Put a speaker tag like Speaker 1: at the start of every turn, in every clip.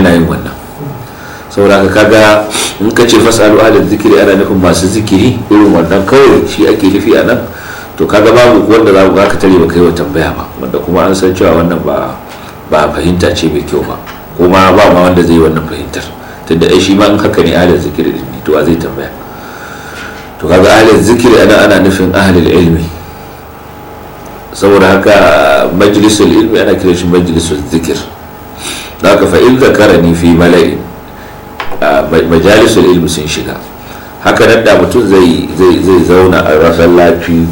Speaker 1: yana yin wannan saboda ka kaga in ka ce fasalu ahlal zikiri ana nufin masu zikiri irin wannan kawai shi ake nufi a nan to kaga babu wanda za ku ga ka tare ba kai wa tambaya ba wanda kuma an san cewa wannan ba ba fahimta ce mai kyau ba kuma ba ma wanda zai wannan fahimtar tunda ai shi ma in haka ne ahlal zikiri din to zai tambaya to kaga ahlal zikiri ana ana nufin ahlul ilmi saboda haka majlisul ilmi ana kiran shi majlisul zikir zaka ka fa'il da karani fi malai majalisul ilmi sun shiga haka nan da mutum zai zauna a masallaci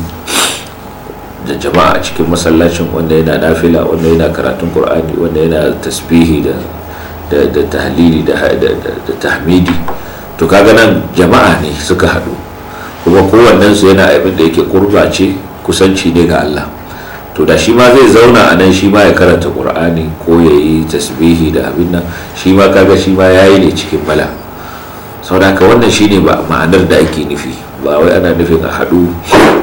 Speaker 1: da jama'a cikin masallacin wanda yana nafila wanda yana karatun qur'ani wanda yana tasbihi da da tahlili da tahmidi to kaga nan jama'a ne suka haɗu kuma kowannensu yana abin da yake kurba ce kusanci ne ga Allah to da shi ma zai zauna a nan shi ma ya karanta qur'ani ko ya yi tasbihi da abin nan shi ma kaga shi ma yayi ne cikin bala saboda ka wannan shi ne ma'anar da ake nufi ba wai ana nufin a haɗu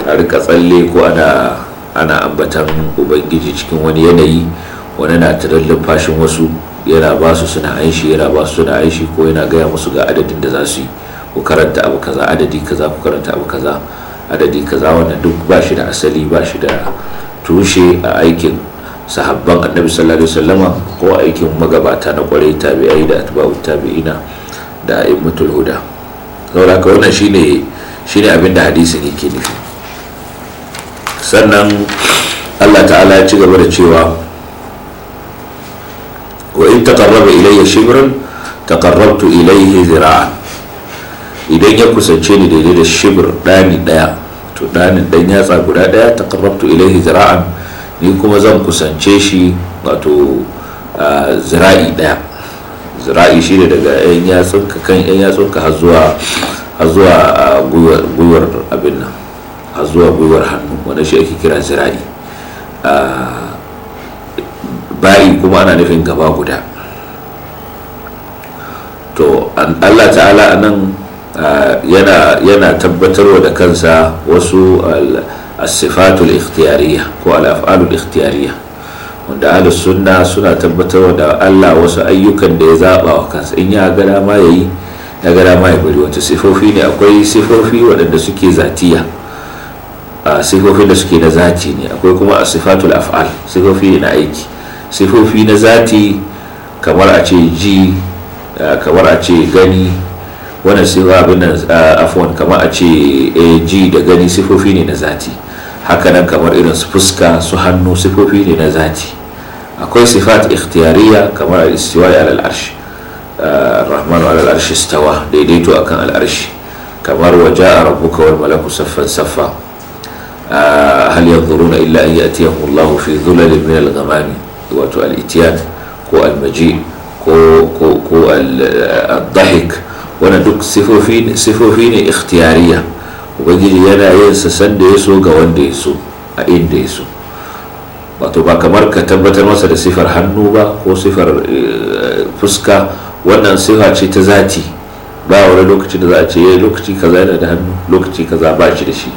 Speaker 1: a rika tsalle ko ana ana ambatan ubangiji cikin wani yanayi wani na tarallin fashin wasu yana ba su suna aishi yana ba su suna aishi ko yana gaya musu ga adadin da za su yi ku karanta abu kaza adadi kaza ku karanta abu kaza adadi kaza wannan duk ba shi da asali ba shi da tushe a aikin sahabban annabi sallallahu alaihi wasallama ko aikin magabata na kwarai tabi'ai da atba'u tabi'ina da a'immatul huda saboda ka wannan shine shine abin da hadisin yake nufi sannan Allah ta'ala ya ci gaba da cewa wa in taqarraba ilayya shibran taqarrabtu ilayhi zira'an idan ya kusance ni daidai da shibr dani daya to ɗanin ɗan yatsa guda ɗaya taqarrabtu ilaihi zira'an ni kuma zan kusance shi wato zira'i ɗaya zira'i shi ne daga yan yatsunka kan yan yatsunka har zuwa har zuwa gwiwar abin nan har zuwa gwiwar hannu wanda shi ake kira zira'i ba'i kuma ana nufin gaba guda to allah ta'ala Anan. yana tabbatar tabbatarwa da kansa wasu asifatul ikhtiyariya ko al'af'alul ikhtiyariya wanda ahlus sunna suna tabbatarwa da Allah wasu ayyukan da ya zaba wa kansa in ya ga dama yayi ya ga dama ya bari wata sifofi ne akwai sifofi waɗanda suke zatiya sifofi da suke na zati ne akwai kuma sifatul af'al sifofi na aiki sifofi na zati kamar a ce ji kamar a ce gani wani sai abin nan ah, afwan kamar a ce eh, ji da gani sifofi ne na zati hakanan kamar irin su fuska su hannu sifofi ne na zati akwai sifat ikhtiyariya kamar al-istiwa ala al ah, rahman ala al daidaito akan al-arsh kamar waja'a rabbuka wal malaku saffan saffa ah, hal yanzuruna illa an ya'tiyahum Allah fi dhulalin min al-ghamam wato al ko al-maji ko ko ko al wannan duk sifofi ne ikhtiyariya ubangiji yana yin sanda ya so ga wanda ya so a inda ya so wato ba kamar ka tabbatar masa da sifar hannu ba ko sifar eh, fuska wannan sifa ce ta zati ba wani lokaci da za a ce ya eh, lokaci kaza yana da hannu lokaci kaza ba shi da shi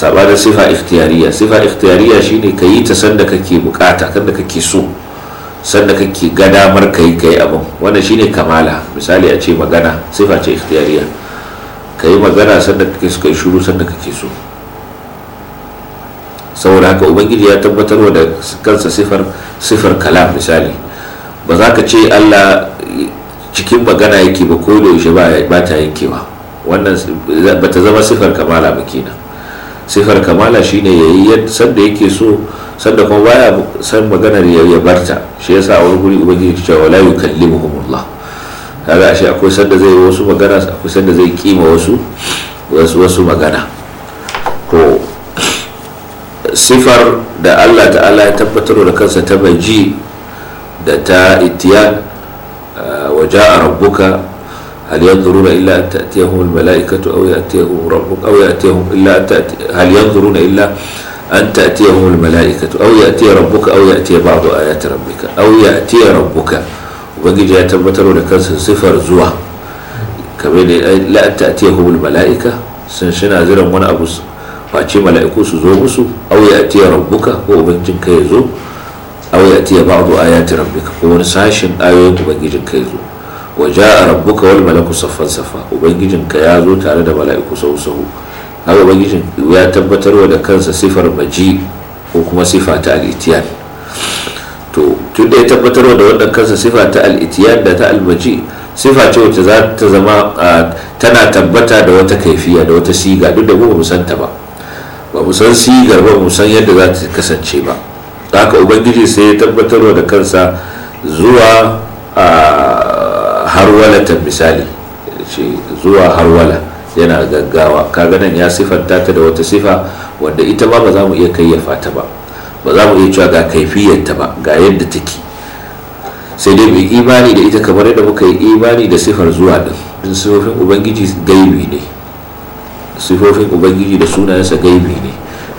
Speaker 1: da sifa ikhtiyariya sifa ikhtiyariya shine ka yi ta sanda kake bukata kanda kake so sanda kake gada damar kai kai abin wannan shine kamala misali a ce magana sifa ce ikhtiyariya ka yi magana sanda kake so kai shuru sanda kake so saboda haka ubangiji ya tabbatar da kansa sifar sifar kalam misali ba za ka ce allah cikin magana yake ba ko da yaushe ba ta yankewa wannan ba ta zama sifar kamala ba kenan sifar kamala shine yayi sanda yake so sanda kuma baya san maganar ya barta shi yasa a wani guri ubangiji ta cewa la yukallimuhumullah kaga ashe akwai sanda zai wasu magana akwai sanda zai kima wasu wasu magana ko sifar da Allah ta'ala ya tabbatar da kansa ta baji da ta itiyan uh, waje a rabbuka هل ينظرون إلا أن تأتيهم الملائكة أو يأتيهم ربك أو يأتيهم إلا أن تأتي هل ينظرون إلا أن تأتيهم الملائكة أو يأتي ربك أو يأتي بعض آيات ربك أو يأتي ربك وبنجي يا تبتر لك صفر زوا كمان لا أن تأتيهم الملائكة سنشنا زر من أبو face mala'iku su zo او ياتي ربك هو rabbuka ko او ياتي بعض ايات ربك هو atiya ba'du ayati rabbika ko wa ja'a rabbuka wal malaku saffan safa ubangijinka ya zo tare da mala'iku sahu sahu haka ubangijin ya tabbatarwa da kansa sifar maji ko kuma sifa ta al'itiyan to tun da ya tabbatarwa da wannan kansa sifa ta al'itiyan da ta almaji sifa ce wacce za ta zama tana tabbata da wata kaifiya da wata siga duk da ba mu san ta ba ba mu san sigar ba mu san yadda za ta kasance ba haka ubangiji sai ya tabbatarwa da kansa zuwa a harwala ta misali ce zuwa harwala yana gaggawa kaga nan ya sifanta ta da wata sifa wanda ita ma ba za mu iya kayyafa ta ba ba za mu iya cewa ga kaifiyarta ba ga yadda take sai dai mu imani da ita kamar yadda muka yi imani da sifar zuwa din sifofin ubangiji gaibi ne sifofin ubangiji da sunayensa gaibi ne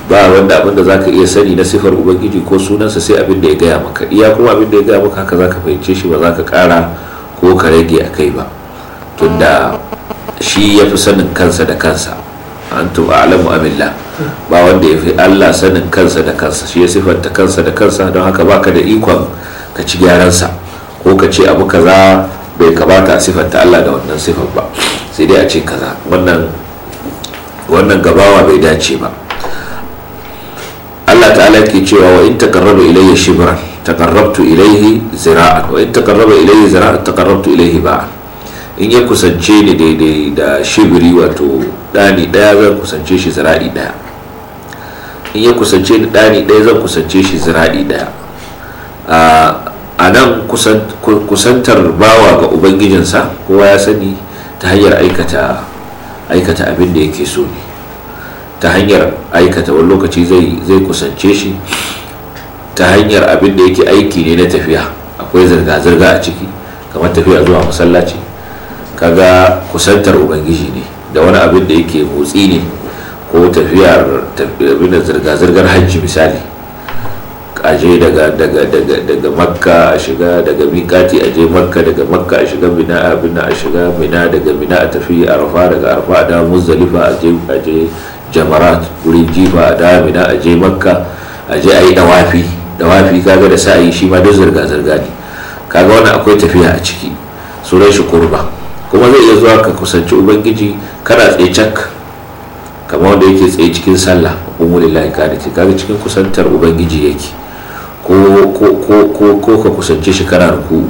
Speaker 1: ba wanda abin da zaka iya sani na sifar ubangiji ko sunansa sai abin da ya gaya maka iya kuma abin da ya gaya maka haka zaka fahimce shi ba zaka kara ka rage a kai ba tunda shi ya fi sanin kansa da kansa tuba a'lamu amillah ba wanda ya fi Allah sanin kansa da kansa shi ya siffanta kansa da kansa don haka baka da ikon ka ci gyaransa ko ka ce abu kaza bai kamata a siffanta Allah da wannan siffar ba sai dai a ce kaza wannan wannan gabawa bai dace ba Allah ta'ala ke cewa wa in takarrabu ilayya shibran taqarrabtu ilaihi zira'an in taqarraba ilaihi zira'an taqarrabtu ilaihi ba'an in ya kusance ni daidai da shibiri wato dani daya zan kusance shi zira'i daya in ya kusance ni dani daya zan kusance shi zira'i daya a nan kusantar bawa ga ubangijinsa kowa ya sani ta hanyar aikata abin da yake so ne ta hanyar aikata wani lokaci zai kusance shi ta hanyar abin da yake aiki ne na tafiya akwai zirga-zirga a ciki kamar tafiya zuwa masallaci kaga kusantar ubangiji ne da wani abin da yake motsi ne ko tafiyar abin da zirga-zirgar hajji misali aje daga daga daga daga makka a shiga daga mikati aje makka daga makka a shiga mina a bina a shiga mina daga mina a tafi arfa daga arfa a dawo muzdalifa aje je jamarat wurin jifa a dawo mina aje makka aje yi dawafi da wafi kaga da sa'ayi shi ma duk zirga zirga ne kaga wani akwai tafiya a ciki sunan shi kurba kuma zai iya zuwa ka kusanci ubangiji kana tsaye cak kamar wanda yake tsaye cikin sallah umu kada ce kaga cikin kusantar ubangiji yake ko ka kusance shi kana ruku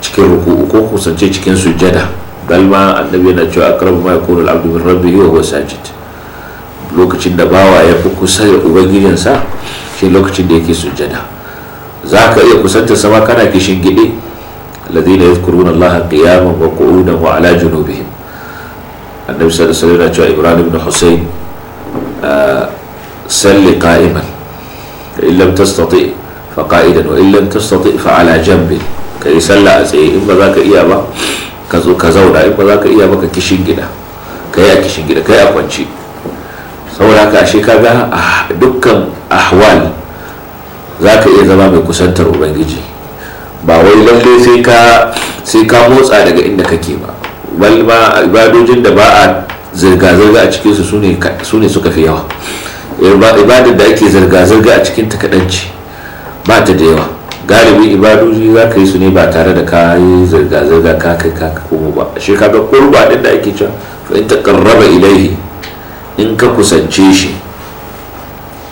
Speaker 1: cikin ruku ko kusance cikin sujjada dalma annabi yana cewa akrabu ma yakunu al-abdu min rabbihi wa huwa sajid lokacin da bawa ya fi kusa da ubangijinsa shi lokacin da yake sujjada za ka iya kusanta sama kana kishin gide alladhina yadhkuruna allaha qiyaman wa qu'udan wa ala junubihim annabi sallallahu alaihi wasallam cewa ibrahim ibn husayn ah, salli qa'iman in lam tastati fa qa'idan wa in lam tastati fa ala Ka yi salla a tsaye in ba za ka iya ba ka zo ka zauna in ba za ka iya ba ka kishin gida Ka yi a kishin gida ka yi a kwanci saboda haka ashe ka kaga ah, dukkan ahwal za ka iya zama mai kusantar ubangiji ba wai lalle sai ka motsa daga inda kake ba bal ma ibadojin da ba a zirga-zirga a cikinsu su ne suka fi yawa ibadar da ake zirga-zirga a cikin ta ba ta da yawa galibi ibadoji za ka yi su ne ba tare da ka yi zirga-zirga ka kai ka komo ba shi ka ga kurba ɗin da ake cewa fahimtar in ta in ka kusance shi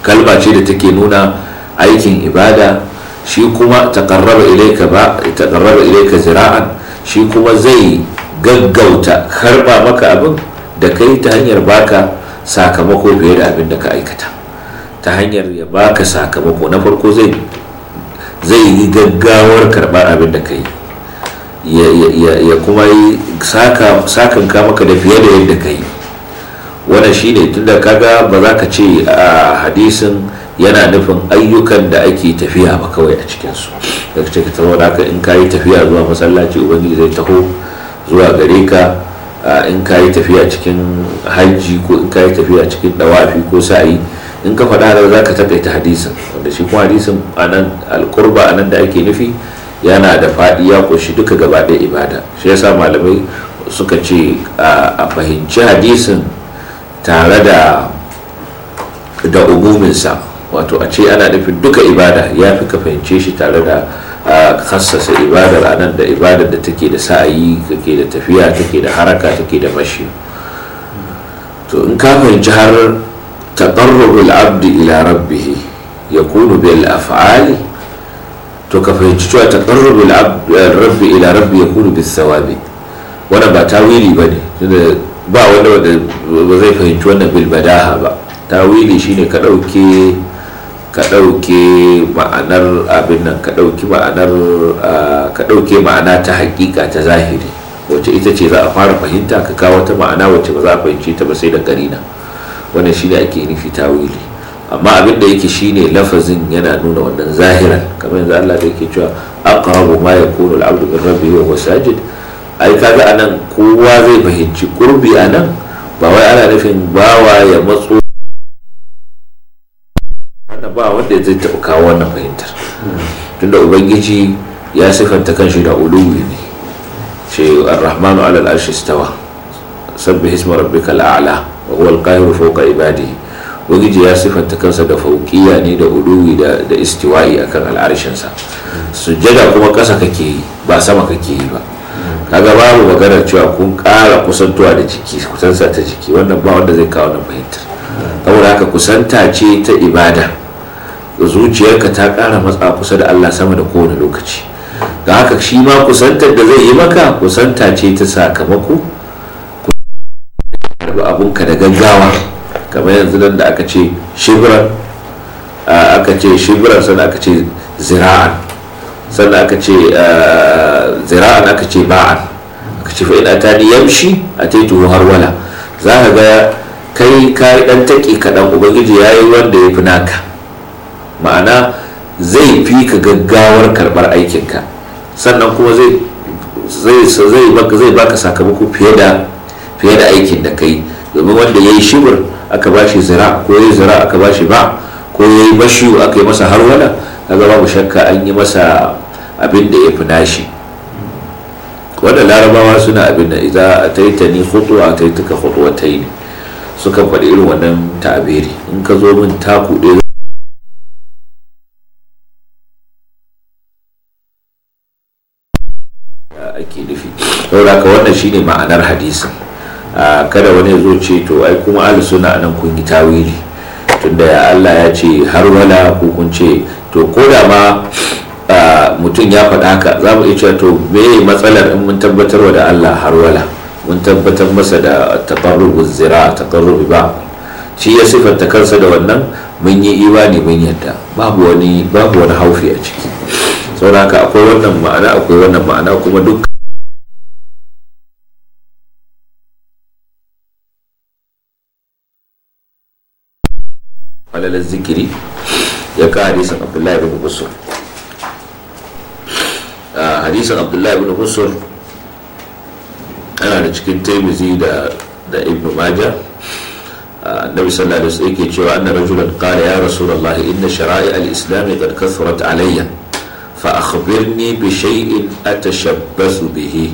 Speaker 1: kalma ce da take nuna aikin ibada shi kuma taqarraba ilayka ba taqarraba ilayka zira'an shi kuma zai gaggauta karba maka abin da kai ta hanyar baka sakamako fiye da abin da ka aikata ta hanyar ya baka sakamako na farko zai zai yi gaggawar karbar abin da ka yi ya kuma yi sakanka maka da fiye da yadda ka yi wannan shine tunda kaga ba za ka ce a hadisin yana nufin ayyukan da ake tafiya ba kawai a cikinsu ka ce ka saboda haka in yi tafiya zuwa masallaci ubangiji zai taho zuwa gare ka in yi tafiya cikin hajji ko in ka yi tafiya cikin dawafi ko sa'i in ka faɗa da za ka takaita hadisin wanda shi kuma hadisin anan alkurba nan da ake nufi yana da faɗi ya ƙunshi duka gaba da ibada shi yasa malamai suka ce a fahimci hadisin tare da da umuminsa wato a ce ana nufin duka ibada ya fi ka fahimce shi tare da a kassasa ibada ranar da ibada da take da sa'ayi take da tafiya take da haraka take da mashi to in ka fahimci har taqarrubul abdi ila ya kunu bil af'ali to ka fahimci cewa taqarrubul abdi rabbi ila rabbi kunu bil sawabi wannan ba tawili ba ne. ba wanda ba zai fahimci wannan bilbadaha ba tawili shine ka ɗauke ka ɗauke ma'anar ma'ana ta hakika ta zahiri wacce ita ce za a fara fahimta ka kawo ta ma'ana wacce ba za a fahimci ta ba sai da karina wannan shine ake nufi tawili amma abin da yake shine lafazin yana nuna wannan zahiran kamar yanzu Allah da yake cewa aqrabu ma yakunu al-'abdu min rabbihi wa huwa ai kaga a kowa zai fahimci kurbi anan nan ba wai ana nufin bawa ya matso wanda ba wanda zai taɓa kawo wannan fahimtar tunda ubangiji ya sifanta kanshi da uluwi ne ce ar-rahmanu alal arshi stawa sabbi hisma rabbikal a'la wa huwa al-qahiru fawqa ibadihi ubangiji ya sifanta kansa da fauqiya ne da uluwi da da istiwa'i akan al'arshin sa sujjada kuma ƙasa kake ba sama kake yi ba kaga babu maganar cewa kun kara kusantuwa da jiki kusansa ta jiki wannan ba wanda zai kawo na fahimtar saboda haka kusanta ce ta ibada zuciyarka ta kara matsa kusa da Allah sama da kowane lokaci ga haka shi ma kusantar da zai yi maka kusanta ce ta sakamako abunka da gaggawa kamar yanzu nan da aka ce shibran aka sannan aka ce zira'an sannan aka ce eh, zira'an aka ce ba'an aka ce fa'ina ta ni yamshi a taito har wala za ka ga kai ka yi dan taƙi kaɗan ubangiji ya yi wanda ya fi naka ma'ana zai fi ka gaggawar karɓar aikinka sannan kuma zai baka sakamako fiye da fiye da aikin da kai domin wanda ya yi shibir aka ba shi zira ko ya yi zira aka ba shi ba ko ya yi bashiyu aka yi masa har harwala kaga babu shakka an yi masa abin da ya fi nashi wanda larabawa suna abin da idan a taita ni hutu a taita ka hutu ta yi suka faɗi irin wannan tabiri in ka zo min taku ɗaya ake nufi ka wannan shine ma'anar hadisin kada wani ya zo ce to ai kuma Ali suna nan kun yi tawili tunda ya Allah ya ce har wala ko kun ce to ko da ma mutum ya faɗa ka za mu iya to me matsalar in mun tabbatar wa da Allah har wala mun tabbatar masa da taqarrubu zira taqarrubi ba shi ya sifanta kansa da wannan mun yi imani mun yadda babu wani babu wani haufi a ciki saboda ka akwai wannan ma'ana akwai wannan ma'ana kuma duk alalar zikiri ya kare san abdullahi ibn busur hadisin abdullahi ibn husur ana da cikin taimizi da da ibn majah annabi sallallahu alaihi wasallam yake cewa anna rajulan qala ya rasulullahi inna shara'i al-islam qad kathurat alayya fa akhbirni bi shay'in atashabbasu bihi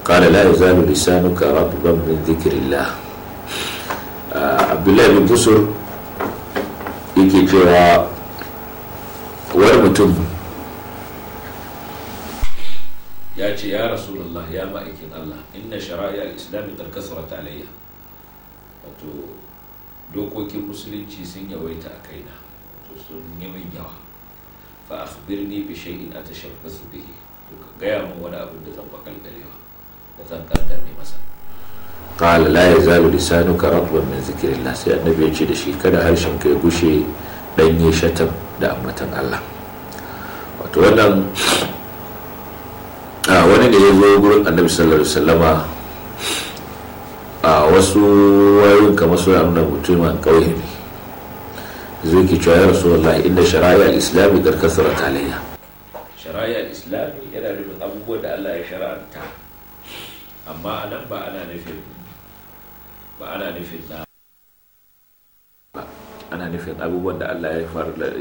Speaker 1: qala la yazalu lisanuka ratban min dhikrillah abdullahi ibn husur yake cewa wani mutum ya ce ya rasulullah ya ma'aikin Allah inna shara'i al-islami da kasarat alayya wato dokokin musulunci sun yawaita a kaina wato sun yi min yawa fa akhbirni bi shay'in atashabbasu bihi to ka gaya min wani abin da zan bakalkarewa da zan kaddame masa qala zaluri yazalu ka ratban min zikrillah sai annabi ya ce da shi kada harshen kai bushe gushe danye shatam da ammatan Allah wato wannan a wani da ya zo gurin annabi sallallahu alaihi wasallama a wasu wayoyin kamar su amna mutumin kauye ne zai ke cewa ya rasu wallahi inda shari'a islami karkasar talayya shari'a islami yana nufin abubuwan da allah ya shara'anta amma anan ba ana nufin ba ana nufin na ana nufin abubuwan da Allah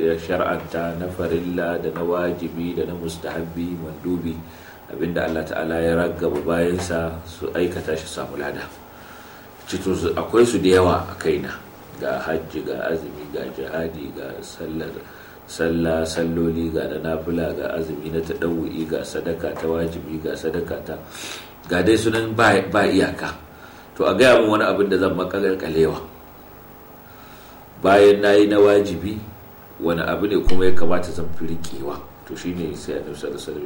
Speaker 1: ya shar'anta na farilla da na wajibi da na mustahabbi mandubi abinda Allah ta'ala ya ragaba sa su aikata shi samu lada cito akwai su da yawa a kaina ga hajji ga azumi ga jihadi ga sallar sallah salloli ga da nafila ga azumi na taɗawu'i ga sadaka ta wajibi ga sadaka ta ga dai sunan ba iyaka to a gaya min wani abin da zan makalkalewa bayan na yi na wajibi wani abu ne kuma ya kamata zan fi to shine sai a nusa da